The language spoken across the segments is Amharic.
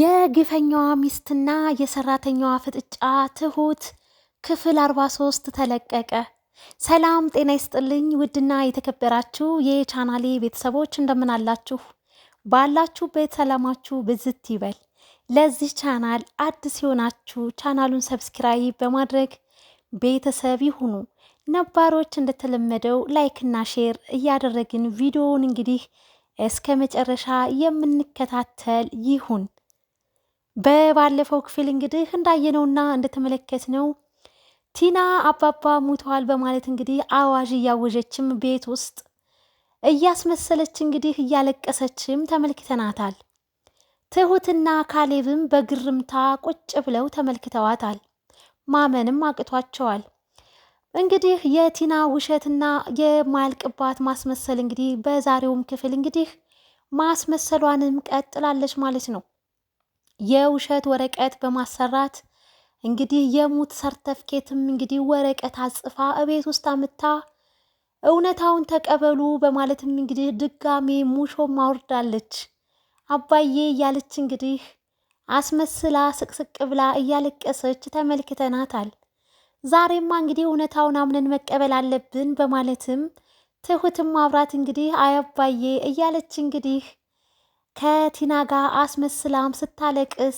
የግፈኛዋ ሚስትና የሰራተኛዋ ፍጥጫ ትሁት ክፍል 43 ተለቀቀ። ሰላም ጤና ይስጥልኝ ውድና የተከበራችሁ የቻናሌ ቤተሰቦች እንደምናላችሁ፣ ባላችሁበት ሰላማችሁ ብዝት ይበል። ለዚህ ቻናል አዲስ የሆናችሁ ቻናሉን ሰብስክራይብ በማድረግ ቤተሰብ ይሁኑ። ነባሮች እንደተለመደው ላይክና ሼር እያደረግን ቪዲዮውን እንግዲህ እስከ መጨረሻ የምንከታተል ይሁን በባለፈው ክፍል እንግዲህ እንዳየነውና እንደተመለከትነው ቲና አባባ ሙተዋል በማለት እንግዲህ አዋዥ እያወጀችም ቤት ውስጥ እያስመሰለች እንግዲህ እያለቀሰችም ተመልክተናታል። ትሁትና ካሌብም በግርምታ ቁጭ ብለው ተመልክተዋታል። ማመንም አቅቷቸዋል። እንግዲህ የቲና ውሸትና የማያልቅባት ማስመሰል እንግዲህ በዛሬውም ክፍል እንግዲህ ማስመሰሏንም ቀጥላለች ማለት ነው። የውሸት ወረቀት በማሰራት እንግዲህ የሙት ሰርተፍኬትም እንግዲህ ወረቀት አጽፋ እቤት ውስጥ አምታ እውነታውን ተቀበሉ በማለትም እንግዲህ ድጋሜ ሙሾም አውርዳለች። አባዬ እያለች እንግዲህ አስመስላ ስቅስቅ ብላ እያለቀሰች ተመልክተናታል። ዛሬማ እንግዲህ እውነታውን አምነን መቀበል አለብን በማለትም ትሁትም አብራት እንግዲህ አያባዬ እያለች እንግዲህ ከቲና ጋር አስመስላም ስታለቅስ፣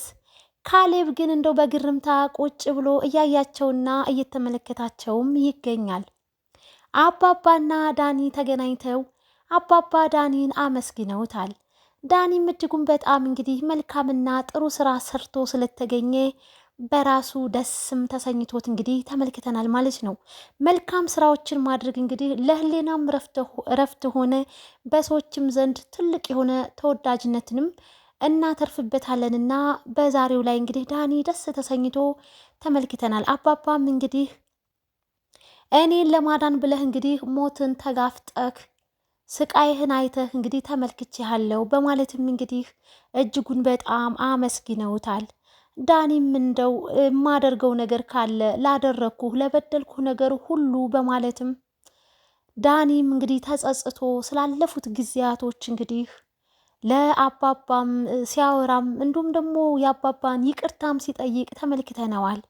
ካሌብ ግን እንደው በግርምታ ቁጭ ብሎ እያያቸውና እየተመለከታቸውም ይገኛል። አባባና ዳኒ ተገናኝተው አባባ ዳኒን አመስግነውታል። ዳኒም እጅጉን በጣም እንግዲህ መልካምና ጥሩ ስራ ሰርቶ ስለተገኘ በራሱ ደስም ተሰኝቶት እንግዲህ ተመልክተናል ማለት ነው። መልካም ስራዎችን ማድረግ እንግዲህ ለህሌናም እረፍት ሆነ በሰዎችም ዘንድ ትልቅ የሆነ ተወዳጅነትንም እናተርፍበታለንና በዛሬው ላይ እንግዲህ ዳኒ ደስ ተሰኝቶ ተመልክተናል። አባባም እንግዲህ እኔን ለማዳን ብለህ እንግዲህ ሞትን ተጋፍጠህ ስቃይህን አይተህ እንግዲህ ተመልክቼሃለሁ በማለትም እንግዲህ እጅጉን በጣም አመስግነውታል። ዳኒም እንደው የማደርገው ነገር ካለ ላደረግኩህ፣ ለበደልኩህ ነገር ሁሉ በማለትም ዳኒም እንግዲህ ተጸጽቶ ስላለፉት ጊዜያቶች እንግዲህ ለአባባም ሲያወራም እንዲሁም ደግሞ የአባባን ይቅርታም ሲጠይቅ ተመልክተነዋል።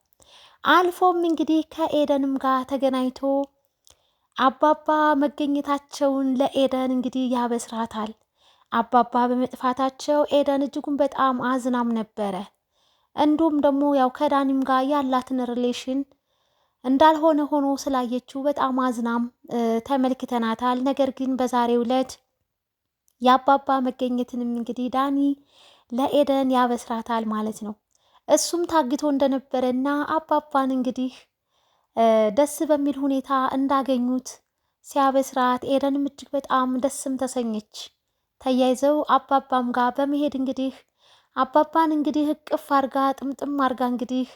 አልፎም እንግዲህ ከኤደንም ጋር ተገናኝቶ አባባ መገኘታቸውን ለኤደን እንግዲህ ያበስራታል። አባባ በመጥፋታቸው ኤደን እጅጉን በጣም አዝናም ነበረ። እንዲሁም ደግሞ ያው ከዳኒም ጋር ያላትን ሪሌሽን እንዳልሆነ ሆኖ ስላየችው በጣም አዝናም ተመልክተናታል። ነገር ግን በዛሬው ዕለት የአባባ መገኘትንም እንግዲህ ዳኒ ለኤደን ያበስራታል ማለት ነው። እሱም ታግቶ እንደነበረ እና አባባን እንግዲህ ደስ በሚል ሁኔታ እንዳገኙት ሲያበስራት ኤደንም እጅግ በጣም ደስም ተሰኘች። ተያይዘው አባባም ጋር በመሄድ እንግዲህ አባባን እንግዲህ እቅፍ አርጋ ጥምጥም አርጋ እንግዲህ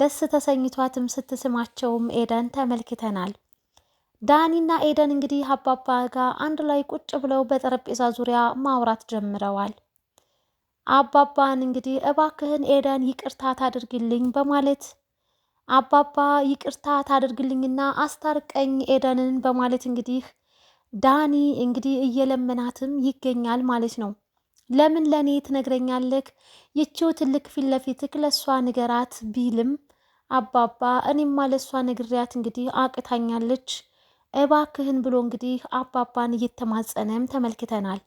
ደስ ተሰኝቷትም ስትስማቸውም ኤደን ተመልክተናል። ዳኒና ኤደን እንግዲህ አባባ ጋ አንድ ላይ ቁጭ ብለው በጠረጴዛ ዙሪያ ማውራት ጀምረዋል። አባባን እንግዲህ እባክህን ኤደን ይቅርታ ታድርግልኝ በማለት አባባ ይቅርታ ታድርግልኝና አስታርቀኝ ኤደንን በማለት እንግዲህ ዳኒ እንግዲህ እየለመናትም ይገኛል ማለት ነው። ለምን ለእኔ ትነግረኛለህ? ይቺው ትልቅ ፊት ለፊትክ ለእሷ ንገራት ቢልም አባባ እኔማ ለእሷ ነግሪያት እንግዲህ አቅታኛለች እባክህን ብሎ እንግዲህ አባባን እየተማጸነም ተመልክተናል።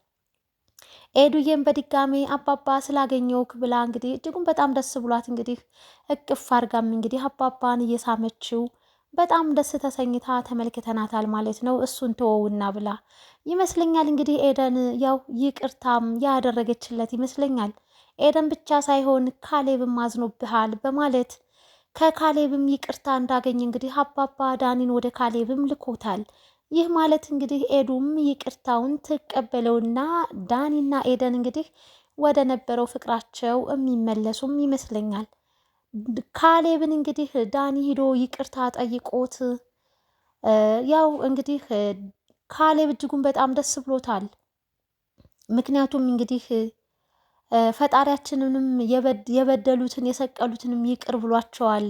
ኤዱዬም በድጋሜ አባባ ስላገኘውክ ብላ እንግዲህ እጅጉን በጣም ደስ ብሏት እንግዲህ እቅፍ አርጋም እንግዲህ አባባን እየሳመችው በጣም ደስ ተሰኝታ ተመልክተናታል ማለት ነው። እሱን ተወውና ብላ ይመስለኛል እንግዲህ ኤደን ያው ይቅርታም ያደረገችለት ይመስለኛል። ኤደን ብቻ ሳይሆን ካሌብም አዝኖብሃል በማለት ከካሌብም ይቅርታ እንዳገኝ እንግዲህ አባባ ዳኒን ወደ ካሌብም ልኮታል። ይህ ማለት እንግዲህ ኤዱም ይቅርታውን ትቀበለውና ዳኒና ኤደን እንግዲህ ወደ ነበረው ፍቅራቸው የሚመለሱም ይመስለኛል። ካሌብን እንግዲህ ዳኒ ሂዶ ይቅርታ ጠይቆት ያው እንግዲህ ካሌብ እጅጉን በጣም ደስ ብሎታል። ምክንያቱም እንግዲህ ፈጣሪያችንንም የበደሉትን የሰቀሉትንም ይቅር ብሏቸዋል።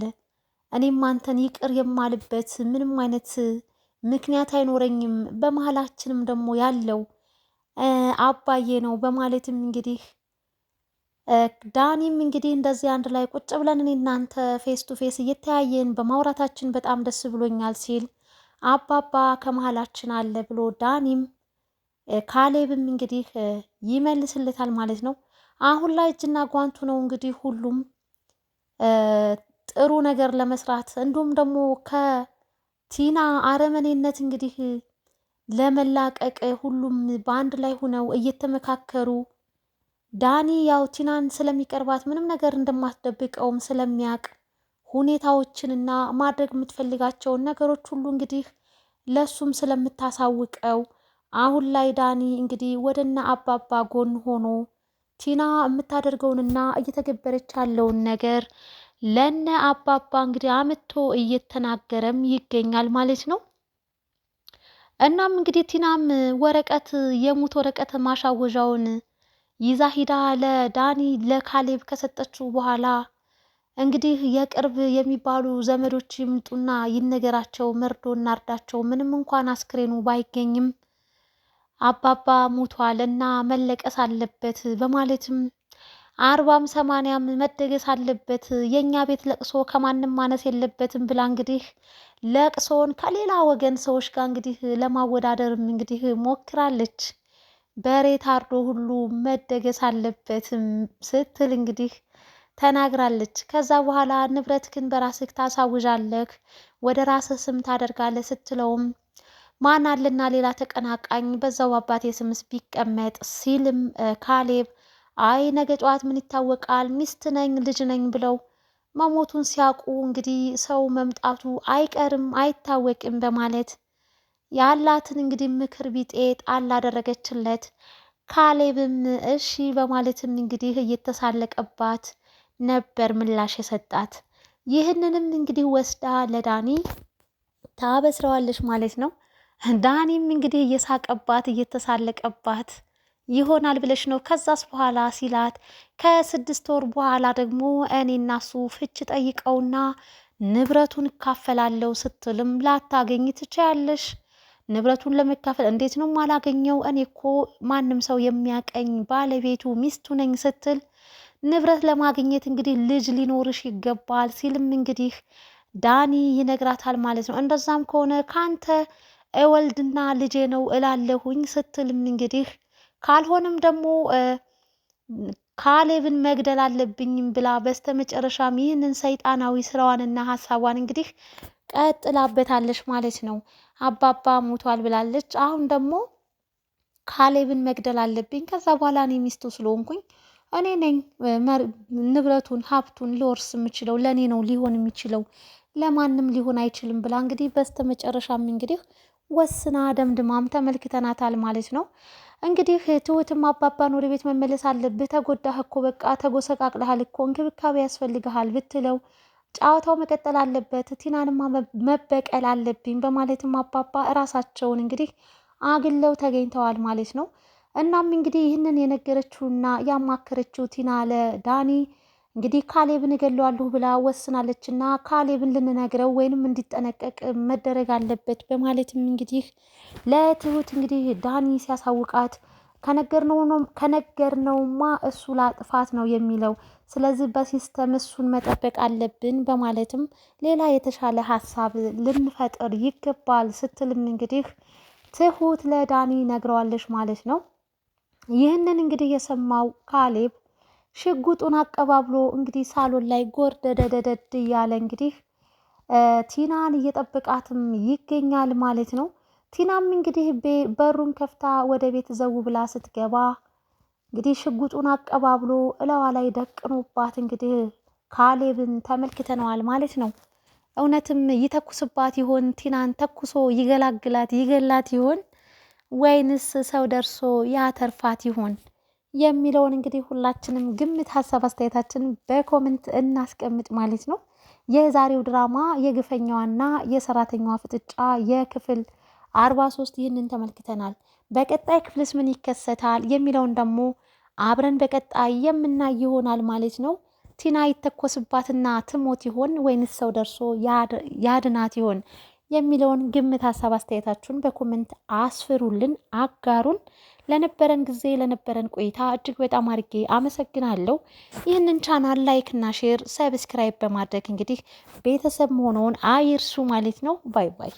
እኔም አንተን ይቅር የማልበት ምንም አይነት ምክንያት አይኖረኝም። በመሀላችንም ደግሞ ያለው አባዬ ነው በማለትም እንግዲህ ዳኒም እንግዲህ እንደዚህ አንድ ላይ ቁጭ ብለን እኔ እናንተ ፌስ ቱ ፌስ እየተያየን በማውራታችን በጣም ደስ ብሎኛል ሲል አባባ ከመሀላችን አለ ብሎ ዳኒም ካሌብም እንግዲህ ይመልስለታል ማለት ነው። አሁን ላይ እጅና ጓንቱ ነው እንግዲህ ሁሉም ጥሩ ነገር ለመስራት እንዲሁም ደግሞ ከቲና አረመኔነት እንግዲህ ለመላቀቅ ሁሉም በአንድ ላይ ሆነው እየተመካከሩ ዳኒ ያው ቲናን ስለሚቀርባት ምንም ነገር እንደማትደብቀውም ስለሚያውቅ ሁኔታዎችንና ማድረግ የምትፈልጋቸውን ነገሮች ሁሉ እንግዲህ ለሱም ስለምታሳውቀው አሁን ላይ ዳኒ እንግዲህ ወደና አባባ ጎን ሆኖ ቲና የምታደርገውንና እየተገበረች ያለውን ነገር ለነ አባባ እንግዲህ አምቶ እየተናገረም ይገኛል ማለት ነው። እናም እንግዲህ ቲናም ወረቀት የሙት ወረቀት ማሻወዣውን ይዛ ሂዳ ለዳኒ ለካሌብ ከሰጠችው በኋላ እንግዲህ የቅርብ የሚባሉ ዘመዶች ይምጡና ይነገራቸው፣ መርዶ እናርዳቸው። ምንም እንኳን አስክሬኑ ባይገኝም አባባ ሙቷል እና መለቀስ አለበት በማለትም አርባም ሰማንያም መደገስ አለበት፣ የእኛ ቤት ለቅሶ ከማንም ማነስ የለበትም ብላ እንግዲህ ለቅሶውን ከሌላ ወገን ሰዎች ጋር እንግዲህ ለማወዳደርም እንግዲህ ሞክራለች። በሬ ታርዶ ሁሉ መደገስ አለበትም ስትል እንግዲህ ተናግራለች። ከዛ በኋላ ንብረትክን በራስህ ታሳውዣለህ፣ ወደ ራስህ ስም ታደርጋለህ ስትለውም ማን አለና ሌላ ተቀናቃኝ በዛው አባቴ ስምስ ቢቀመጥ ሲልም ካሌብ አይ ነገ ጠዋት ምን ይታወቃል፣ ሚስት ነኝ ልጅ ነኝ ብለው መሞቱን ሲያውቁ እንግዲህ ሰው መምጣቱ አይቀርም አይታወቅም በማለት ያላትን እንግዲህ ምክር ቢጤ ጣል አደረገችለት። ካሌብም እሺ በማለትም እንግዲህ እየተሳለቀባት ነበር ምላሽ የሰጣት። ይህንንም እንግዲህ ወስዳ ለዳኒ ታበስረዋለች ማለት ነው። ዳኒም እንግዲህ እየሳቀባት እየተሳለቀባት ይሆናል ብለሽ ነው ከዛስ በኋላ ሲላት፣ ከስድስት ወር በኋላ ደግሞ እኔና እሱ ፍች ጠይቀውና ንብረቱን እካፈላለሁ ስትልም ላታገኝ ትችያለሽ ንብረቱን ለመካፈል እንዴት ነው ማላገኘው? እኔ እኮ ማንም ሰው የሚያቀኝ ባለቤቱ ሚስቱ ነኝ ስትል ንብረት ለማግኘት እንግዲህ ልጅ ሊኖርሽ ይገባል ሲልም እንግዲህ ዳኒ ይነግራታል ማለት ነው። እንደዛም ከሆነ ካንተ እወልድና ልጄ ነው እላለሁኝ ስትልም እንግዲህ ካልሆነም ደግሞ ካሌብን መግደል አለብኝም ብላ በስተመጨረሻም ይህንን ሰይጣናዊ ስራዋንና ሀሳቧን እንግዲህ ቀጥላበታለች ማለት ነው። አባባ ሞቷል ብላለች። አሁን ደግሞ ካሌብን መግደል አለብኝ፣ ከዛ በኋላ እኔ ሚስቱ ስለሆንኩኝ እኔ ነኝ ንብረቱን ሀብቱን ልወርስ የምችለው ለእኔ ነው ሊሆን የሚችለው ለማንም ሊሆን አይችልም ብላ እንግዲህ በስተመጨረሻም እንግዲህ ወስና ደምድማም ተመልክተናታል ማለት ነው። እንግዲህ ትሁትም አባባን ወደ ቤት መመለስ አለብህ፣ ተጎዳህ እኮ በቃ ተጎሰቃቅልሃል እኮ እንክብካቤ ያስፈልግሃል ብትለው ጨዋታው መቀጠል አለበት፣ ቲናንማ መበቀል አለብኝ በማለትም አባባ እራሳቸውን እንግዲህ አግለው ተገኝተዋል ማለት ነው። እናም እንግዲህ ይህንን የነገረችውና ያማከረችው ቲና ለዳኒ እንግዲህ ካሌብን እገለዋለሁ ብላ ወስናለች እና ካሌብን ልንነግረው ወይንም እንዲጠነቀቅ መደረግ አለበት በማለትም እንግዲህ ለትሁት እንግዲህ ዳኒ ሲያሳውቃት ከነገርነውማ እሱ ላጥፋት ነው የሚለው። ስለዚህ በሲስተም እሱን መጠበቅ አለብን በማለትም ሌላ የተሻለ ሀሳብ ልንፈጥር ይገባል ስትልም እንግዲህ ትሁት ለዳኒ ነግረዋለች ማለት ነው። ይህንን እንግዲህ የሰማው ካሌብ ሽጉጡን አቀባብሎ እንግዲህ ሳሎን ላይ ጎርደደደደድ እያለ እንግዲህ ቲናን እየጠበቃትም ይገኛል ማለት ነው። ቲናም እንግዲህ በሩን ከፍታ ወደ ቤት ዘው ብላ ስትገባ እንግዲህ ሽጉጡን አቀባብሎ እለዋ ላይ ደቅኖባት እንግዲህ ካሌብን ተመልክተነዋል ማለት ነው። እውነትም ይተኩስባት ይሆን? ቲናን ተኩሶ ይገላግላት ይገላት ይሆን? ወይንስ ሰው ደርሶ ያተርፋት ይሆን የሚለውን እንግዲህ ሁላችንም ግምት፣ ሀሳብ አስተያየታችን በኮመንት እናስቀምጥ ማለት ነው። የዛሬው ድራማ የግፈኛዋና የሰራተኛዋ ፍጥጫ የክፍል አርባ ሶስት ይህንን ተመልክተናል። በቀጣይ ክፍልስ ምን ይከሰታል የሚለውን ደግሞ አብረን በቀጣይ የምናይ ይሆናል ማለት ነው። ቲና ይተኮስባትና ትሞት ይሆን ወይንስ ሰው ደርሶ ያድናት ይሆን የሚለውን ግምት፣ ሀሳብ አስተያየታችሁን በኮመንት አስፍሩልን፣ አጋሩን። ለነበረን ጊዜ ለነበረን ቆይታ እጅግ በጣም አድርጌ አመሰግናለሁ። ይህንን ቻናል ላይክና ሼር፣ ሰብስክራይብ በማድረግ እንግዲህ ቤተሰብ መሆነውን አይርሱ ማለት ነው። ባይ ባይ።